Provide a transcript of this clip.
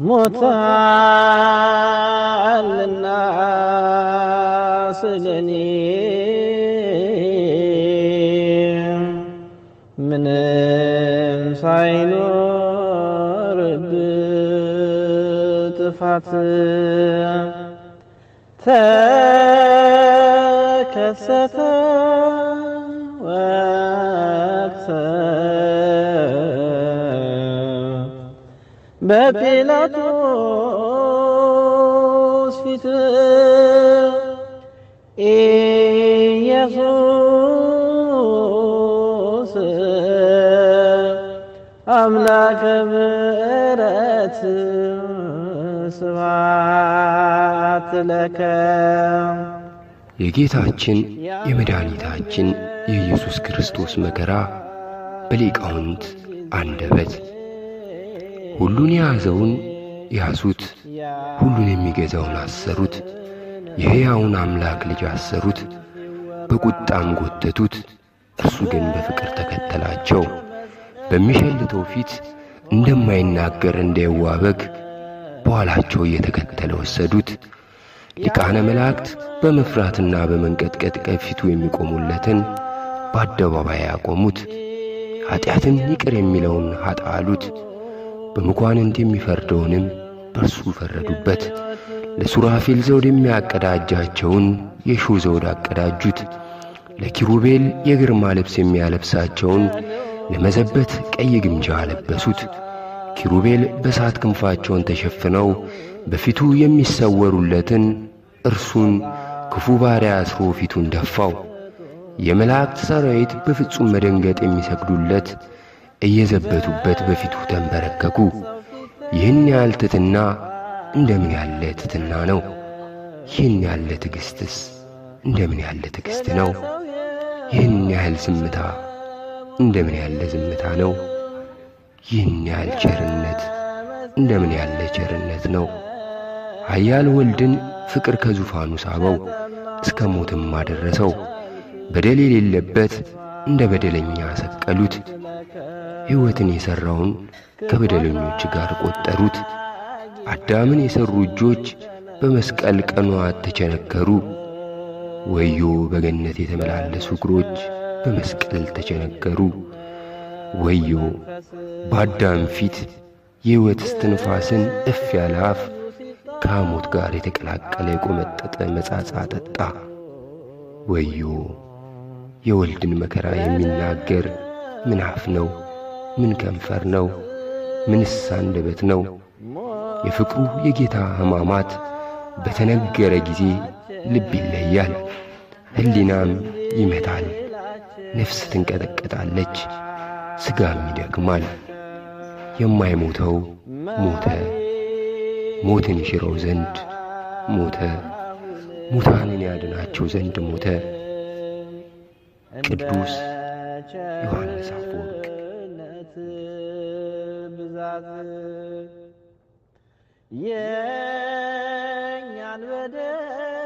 متاع للناس جنين ምንም ሳይኖርብ ጥፋት ተከሰተ በጲላጦስ ፊት ኢየሱስ አምላከ ምሕረት ስብሐት ለከ። የጌታችን የመድኃኒታችን የኢየሱስ ክርስቶስ መከራ በሊቃውንት አንደበት ሁሉን የያዘውን ያዙት፣ ሁሉን የሚገዛውን አሰሩት፣ የሕያውን አምላክ ልጅ አሰሩት፣ በቁጣም ጎተቱት። እርሱ ግን በፍቅር ተከተላቸው። በሚሸልተው ፊት እንደማይናገር እንደ የዋህ በግ በኋላቸው እየተከተለ ወሰዱት። ሊቃነ መላእክት በመፍራትና በመንቀጥቀጥ ከፊቱ የሚቆሙለትን በአደባባይ ያቆሙት። ኀጢአትን ይቅር የሚለውን ኃጥ አሉት። በመኳንንት የሚፈርደውንም በርሱ ፈረዱበት። ለሱራፌል ዘውድ የሚያቀዳጃቸውን የሹ ዘውድ አቀዳጁት። ለኪሩቤል የግርማ ልብስ የሚያለብሳቸውን ለመዘበት ቀይ ግምጃ አለበሱት። ኪሩቤል በሳት ክንፋቸውን ተሸፍነው በፊቱ የሚሰወሩለትን እርሱን ክፉ ባሪያ አስሮ ፊቱን ደፋው። የመላእክት ሠራዊት በፍጹም መደንገጥ የሚሰግዱለት እየዘበቱበት በፊቱ ተንበረከኩ። ይህን ያህል ትትና እንደምን ያለ ትትና ነው! ይህን ያለ ትዕግሥትስ እንደምን ያለ ትዕግሥት ነው! ይህን ያህል ዝምታ እንደምን ያለ ዝምታ ነው! ይህን ያህል ቸርነት እንደምን ያለ ቸርነት ነው! ኃያል ወልድን ፍቅር ከዙፋኑ ሳበው፣ እስከ ሞትም አደረሰው። በደል የሌለበት እንደ በደለኛ ሰቀሉት። ሕይወትን የሠራውን ከበደለኞች ጋር ቈጠሩት። አዳምን የሠሩ እጆች በመስቀል ቀኗ ተቸነከሩ። ወዮ በገነት የተመላለሱ እግሮች በመስቀል ተቸነከሩ። ወዮ በአዳም ፊት የሕይወት እስትንፋስን እፍ ያለ አፍ ከሐሞት ጋር የተቀላቀለ የቆመጠጠ መጻጻ ጠጣ። ወዮ የወልድን መከራ የሚናገር ምን አፍ ነው? ምን ከንፈር ነው? ምንስ አንደበት ነው? የፍቅሩ የጌታ ሕማማት በተነገረ ጊዜ ልብ ይለያል፣ ሕሊናም ይመታል፣ ነፍስ ትንቀጠቀጣለች፣ ሥጋም ይደክማል። የማይሞተው ሞተ፣ ሞትን ይሽረው ዘንድ ሞተ፣ ሙታንን ያድናቸው ዘንድ ሞተ። ቅዱስ ዮሐንስ አፈወርቅ የእምነት ብዛት የእኛን በደ